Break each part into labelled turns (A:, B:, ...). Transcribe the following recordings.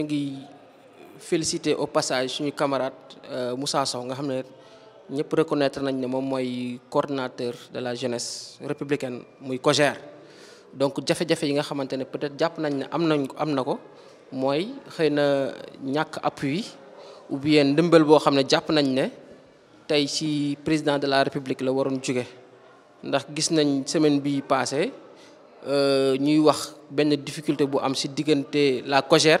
A: ñu ngi féliciter au passage suñu camarade euh, Moussa Sow nga xam ne reconnaître nañ ne moom mooy coordinateur de la jeunesse républicaine muy COJER donc jafe-jafe yi nga xamante ne peut-être jàpp nañ ne am nañ am na ko mooy xëy appui ou bien dembel bo xam japp nañ ne tay ci président de la république la waroon jóge ndax gis nañ semaine bi passée euh, ñuy wax ben difficulté bu am ci diggante la cogère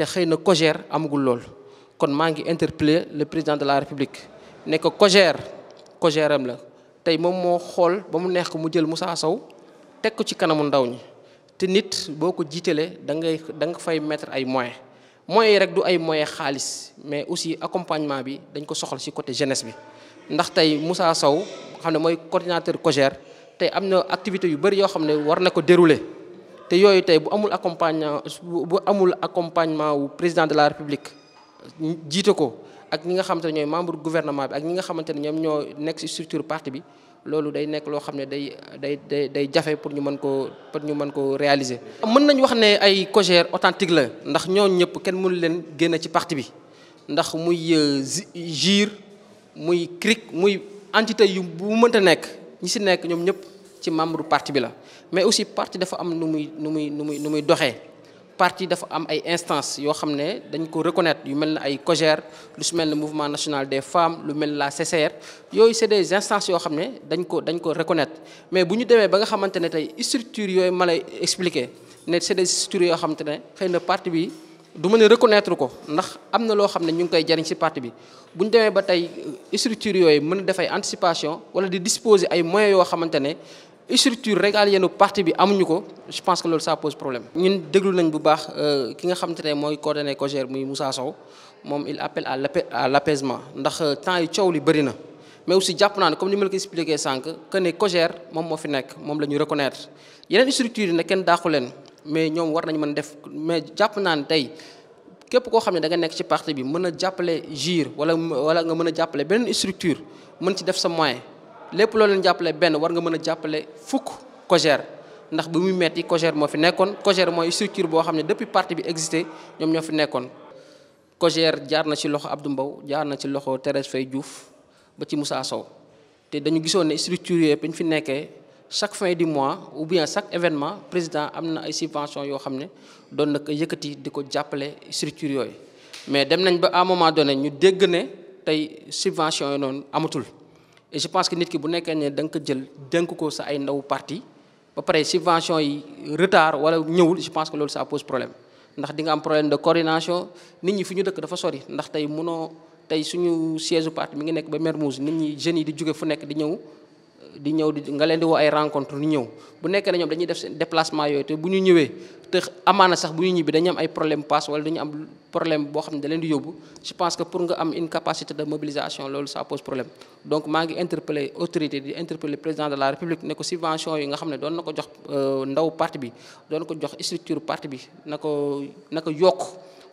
A: te xeyna na COJER amagul lool kon maa ngi interpellé le président de la république ne ko COJER COJER la tey moom moo xool ba mu neex mu jël Moussa Sow teg ko ci kanamu ndaw ñi te nit boo ko jiitalee da ngay da nga fay mettre ay moyens moyens rek du ay moyens xaalis mais aussi accompagnement bi dañ ko soxla ci côté jeunesse bi ndax tey Moussa Sow xam ne mooy coordinateur COJER tey am na activité yu bëri yoo xam ne war na ko te yooyu tey bu amul accompagnement bu amul accompagnement wu président de la république jiite ko ak ñi nga xamante ne ñooy membre gouvernement bi ak ñi nga xamante ne ñoo nekk ci structure parti bi loolu day nekk loo xam ne day day day day pour ñu mën koo pour ñu mën koo réaliser. mën nañu wax ne ay cogère authentique la ndax ñooñu ñëpp kenn mënu leen génn ci parti bi ndax muy euh, GIR muy CRIC muy entité yu bu mënta nekk ñi ci nekk ñoom ñëpp ci membre parti bi la mais aussi parti dafa am nu muy nu muy nu muy nu parti dafa am ay instances yo xamné dañ ko reconnaître yu mel ay cogère lu su mouvement national des femmes lu mel la CCR yo c'est des instances yo xamné dañ ko dañ ko reconnaître mais buñu démé ba nga xamante ne tey structures yooyu ma expliquer né c'est des structures yo xamante ne xëy parti bi du mën reconnaître ko ndax amna lo xamné ñu ngi koy jariñ ci parti bi buñu démé ba tay structure yooyu mën def ay anticipation wala di disposer ay moyens yo xamante structure régalienne parti bi amuñu ko je pense que loolu ça pose problème. ñun déglu nañ bu baax euh, ki nga xamantene moy mooy coordonné muy Moussa Sow mom il appelle à l'apaisement. ndax euh, temps yi ciow li bari na mais aussi japp naa comme ni ma la ko expliqué que ne cogère mom mo fi nek mom lañu reconnaître yeneen structure yi ne kenn daaxu mais ñom war nañ mën def mais japp naa tay tey. képp koo xam ne da nga nekk ci parti bi mën a jàppale JIR wala wala nga mën a jàppale beneen structure mën ci def sa moyen lépp loo leen jappalé ben war nga mëna jappalé fuk fukk COJER ndax bu muy metti COJER mo fi nekkoon COJER moy structure bo xamné depuis parti bi existé ñom ñoo fi nekkoon. COJER jaar na ci loxo Abdou mbaw jaar na ci loxo Thérèse Faye Diouf ba ci Moussa Sow té dañu gissone structure yooyu ñu fi nekkee chaque fin du mois ou bien chaque événement président amna ay subventions yo xamné don nak yëkëti diko jappalé structure yoy mais dem nañ ba à moment donné ñu dégg né tay subvention yi non amatul et je pense que nit ki bu nekkee ne da ko jël dénk ko sa ay ndaw parti ba paré subvention yi retard wala ñewul je pense que lolu ça pose problème ndax di nga am problème de coordination nit ñi fi ñu dëkk dafa sori ndax tay mëno tay suñu siège parti mi ngi nekk ba mermouz, nit ñi jeunes yi di juggé fu nekk di ñew di ñew di nga len di wo ay rencontre ñu ñew bu nekkee ne ñom dañuy def seen déplacement yoy té bu ñu ñëwé té amana sax bu ñu ñibi dañu am ay problème pass wala dañu am problème bo xam da leen di yobbu je pense que pour nga am une capacité de mobilisation ça pose problème donc ma ngi interpeller autorité di interpellé président de la république né ko subvention yi nga xam doon nako jox euh, ndaw parti bi doon ko jox structure parti bi nako nako na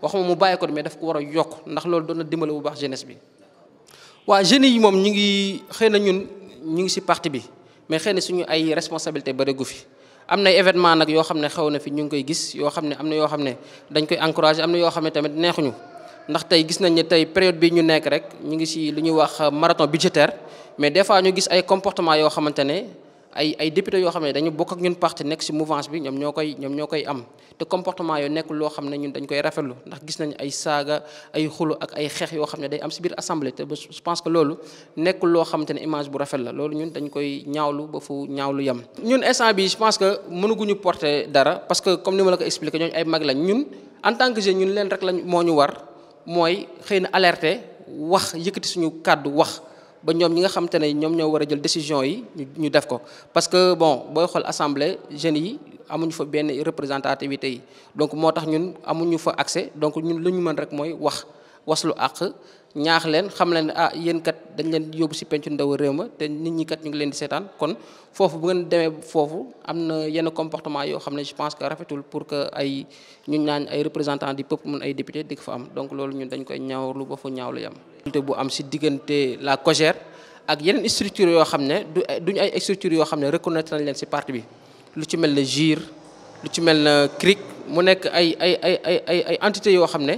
A: waxuma mu bayiko mais daf ko wara yok ndax loolu doona dimbalé bu baax jeunesse bi wa jeunes yi mom ñi ngi xeyna ñun ñu ngi si parti bi mais xëy na suñu ay responsabilité bëri gu fi am na événement nag yoo xam ne xew na fi ñu ngi koy gis yoo xam ne am na yoo xam ne dañ koy encouragé am na yoo xam ne tamit neexuñu ndax tey gis nañ ne tey période bi ñu nekk rek ñu ngi si lu ñuy wax marathon budgétaire mais des fois ñu gis ay comportement yoo xamante ne ay ay député yoo xam ne dañu bokk ak ñun parti nekk ci mouvance bi ñoom ñoo koy ñoom ñoo koy am te comportement yooyu nekk loo xam ne ñun dañ koy rafetlu ndax gis nañu ay saaga ay xulu ak ay xeex yoo xam ne day am si biir assemblée te je pense que loolu nekk loo xamante ne image bu rafet la loolu ñun dañ koy ñaawlu ba fu ñaawlu yem. ñun instant bi je pense que mënuguñu porter dara parce que comme ni ma la ko expliqué ñooñu ay mag lañ ñun en tant que jeune ñun leen rek lañ moo ñu war mooy xëy na alerter wax yëkkati suñu kàddu wax. ba ñom ñi nga xam te ne ñoo wara jël décision yi ñu def ko parce que bon boy xol assemblée jeune yi amuñu fa ben représentativité yi donc motax tax ñun amuñu fa accès donc ñun luñu ñu mën rek moy wax waslu àq ñaax leen xam leen ne ah yéen kat dañ leen yóbbu si pencu ndaw réew ma te nit ñi kat ñu ngi leen di seetaan kon foofu bu ngeen demee foofu am na yenn comportement yoo xam ne je pense que rafetul pour que ñu ñaañ ay représentant du mun ay député di ko am donc loolu ñun dañ koy ñaawlu ba fu ñaaw lu yam te bu am si diggante la COJER ak yeneen structure yoo xam ne du duñu ay structure yoo xam ne reconnaître nañ leen si parti bi lu ci mel ne GIR lu ci mel na CRIC mu nekk ay ay ay ay ay entité yoo xam ne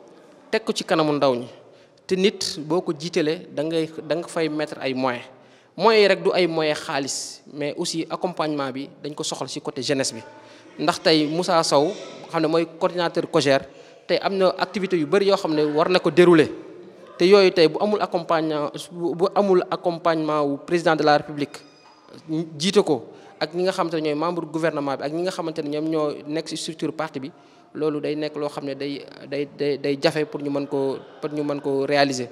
A: teg ko ci kanamu ndaw ñi te nit boo ko jiitalee da ngay danga nga fay mettre ay moyens moyens rek du ay moyens xaalis mais aussi accompagnement bi dañ ko soxla ci côté jeunesse bi ndax tey Moussa Sow xam ne mooy coordinateur COJER te am na activité yu bëri yoo xam ne war na ko dérouler te yooyu tey bu amul accompagnement bu amul accompagnement wu président de la république jiite ko ak ñi nga xamante ne ñooy membre gouvernement bi ak ñi nga xamante ne ñoom ñoo nekk ci structure parti bi loolu day nekk loo xam ne day day day day jafe pour ñu mën koo pour ñu mën koo réaliser.